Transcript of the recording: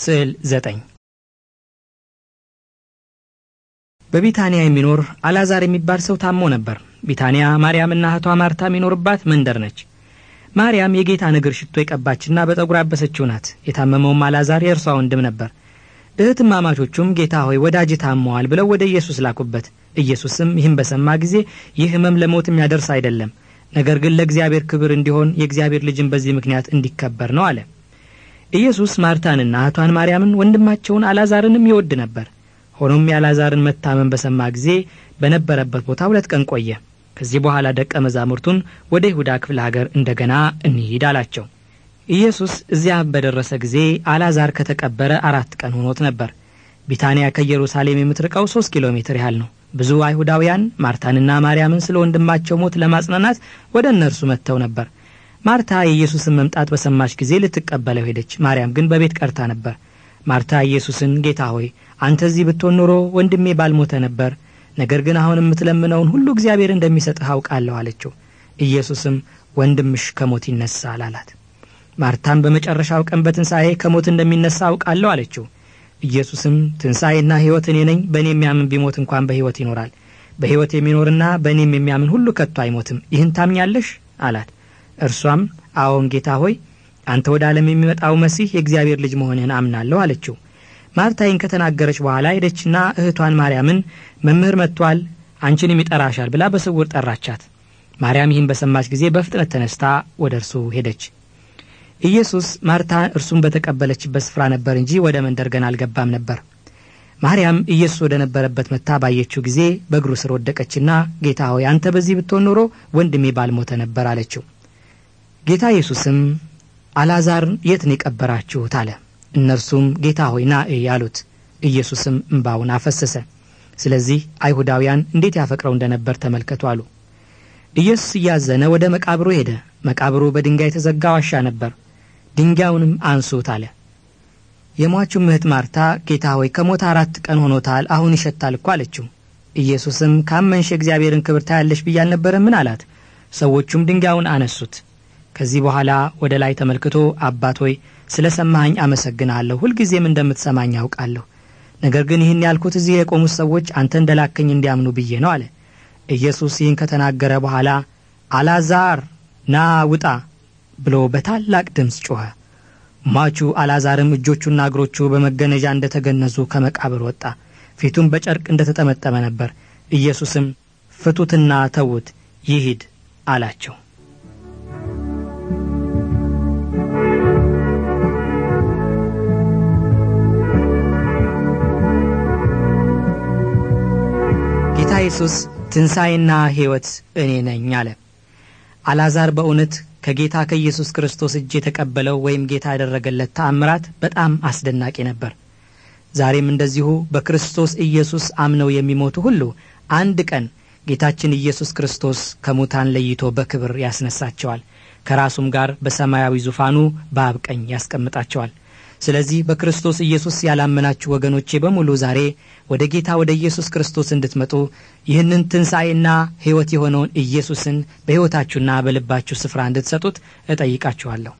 ስዕል ዘጠኝ በቢታንያ የሚኖር አላዛር የሚባል ሰው ታሞ ነበር። ቢታንያ ማርያምና እህቷ ማርታ የሚኖርባት መንደር ነች። ማርያም የጌታን እግር ሽቶ የቀባችና በጠጉር አበሰችው ናት። የታመመውም አላዛር የእርሷ ወንድም ነበር። እህትማማቾቹም ጌታ ሆይ ወዳጅ ታመዋል ብለው ወደ ኢየሱስ ላኩበት። ኢየሱስም ይህን በሰማ ጊዜ ይህ ሕመም ለሞት የሚያደርስ አይደለም፣ ነገር ግን ለእግዚአብሔር ክብር እንዲሆን የእግዚአብሔር ልጅን በዚህ ምክንያት እንዲከበር ነው አለ። ኢየሱስ ማርታንና እህቷን ማርያምን ወንድማቸውን አላዛርንም ይወድ ነበር። ሆኖም የአላዛርን መታመን በሰማ ጊዜ በነበረበት ቦታ ሁለት ቀን ቆየ። ከዚህ በኋላ ደቀ መዛሙርቱን ወደ ይሁዳ ክፍለ ሀገር እንደገና እንሂድ አላቸው። ኢየሱስ እዚያ በደረሰ ጊዜ አላዛር ከተቀበረ አራት ቀን ሆኖት ነበር። ቢታንያ ከኢየሩሳሌም የምትርቀው ሦስት ኪሎ ሜትር ያህል ነው። ብዙ አይሁዳውያን ማርታንና ማርያምን ስለ ወንድማቸው ሞት ለማጽናናት ወደ እነርሱ መጥተው ነበር። ማርታ የኢየሱስን መምጣት በሰማች ጊዜ ልትቀበለው ሄደች። ማርያም ግን በቤት ቀርታ ነበር። ማርታ ኢየሱስን ጌታ ሆይ አንተ እዚህ ብትሆን ኖሮ ወንድሜ ባልሞተ ነበር። ነገር ግን አሁን የምትለምነውን ሁሉ እግዚአብሔር እንደሚሰጥህ አውቃለሁ አለችው። ኢየሱስም ወንድምሽ ከሞት ይነሳል አላት። ማርታም በመጨረሻው ቀን በትንሣኤ ከሞት እንደሚነሳ አውቃለሁ አለችው። ኢየሱስም ትንሣኤና ሕይወት እኔ ነኝ፣ በእኔ የሚያምን ቢሞት እንኳን በሕይወት ይኖራል። በሕይወት የሚኖርና በእኔም የሚያምን ሁሉ ከቶ አይሞትም። ይህን ታምኛለሽ አላት። እርሷም አዎን ጌታ ሆይ አንተ ወደ ዓለም የሚመጣው መሲህ የእግዚአብሔር ልጅ መሆንህን አምናለሁ አለችው። ማርታይን ከተናገረች በኋላ ሄደችና እህቷን ማርያምን መምህር መጥቷል፣ አንቺንም ይጠራሻል ብላ በስውር ጠራቻት። ማርያም ይህን በሰማች ጊዜ በፍጥነት ተነስታ ወደ እርሱ ሄደች። ኢየሱስ ማርታ እርሱን በተቀበለችበት ስፍራ ነበር እንጂ ወደ መንደር ገና አልገባም ነበር። ማርያም ኢየሱስ ወደ ነበረበት መታ ባየችው ጊዜ በእግሩ ስር ወደቀችና ጌታ ሆይ አንተ በዚህ ብትሆን ኖሮ ወንድሜ ባልሞተ ነበር አለችው። ጌታ ኢየሱስም አላዛር የት ነው የቀበራችሁት አለ። እነርሱም ጌታ ሆይ ና እያሉት፣ አሉት። ኢየሱስም እምባውን አፈሰሰ። ስለዚህ አይሁዳውያን እንዴት ያፈቅረው እንደነበር ተመልከቱ አሉ። ኢየሱስ እያዘነ ወደ መቃብሩ ሄደ። መቃብሩ በድንጋይ የተዘጋ ዋሻ ነበር። ድንጋዩንም አንሱት አለ። የሟቹም እህት ማርታ ጌታ ሆይ ከሞት አራት ቀን ሆኖታል፣ አሁን ይሸታል እኮ አለችው። ኢየሱስም ካመንሽ የእግዚአብሔርን ክብር ታያለሽ ብዬ አልነበረምን አላት። ሰዎቹም ድንጋዩን አነሱት። ከዚህ በኋላ ወደ ላይ ተመልክቶ አባት ሆይ ስለ ሰማኸኝ አመሰግንሃለሁ ሁልጊዜም እንደምትሰማኝ ያውቃለሁ ነገር ግን ይህን ያልኩት እዚህ የቆሙት ሰዎች አንተ እንደላከኝ እንዲያምኑ ብዬ ነው አለ ኢየሱስ ይህን ከተናገረ በኋላ አላዛር ና ውጣ ብሎ በታላቅ ድምፅ ጮኸ ሟቹ አላዛርም እጆቹና እግሮቹ በመገነዣ እንደተገነዙ ከመቃብር ወጣ ፊቱም በጨርቅ እንደተጠመጠመ ነበር ኢየሱስም ፍቱትና ተዉት ይሂድ አላቸው ጌታ ኢየሱስ ትንሣኤና ሕይወት እኔ ነኝ አለ። አልዓዛር በእውነት ከጌታ ከኢየሱስ ክርስቶስ እጅ የተቀበለው ወይም ጌታ ያደረገለት ተአምራት በጣም አስደናቂ ነበር። ዛሬም እንደዚሁ በክርስቶስ ኢየሱስ አምነው የሚሞቱ ሁሉ አንድ ቀን ጌታችን ኢየሱስ ክርስቶስ ከሙታን ለይቶ በክብር ያስነሳቸዋል። ከራሱም ጋር በሰማያዊ ዙፋኑ በአብ ቀኝ ያስቀምጣቸዋል። ስለዚህ በክርስቶስ ኢየሱስ ያላመናችሁ ወገኖቼ በሙሉ ዛሬ ወደ ጌታ ወደ ኢየሱስ ክርስቶስ እንድትመጡ ይህንን ትንሣኤና ሕይወት የሆነውን ኢየሱስን በሕይወታችሁና በልባችሁ ስፍራ እንድትሰጡት እጠይቃችኋለሁ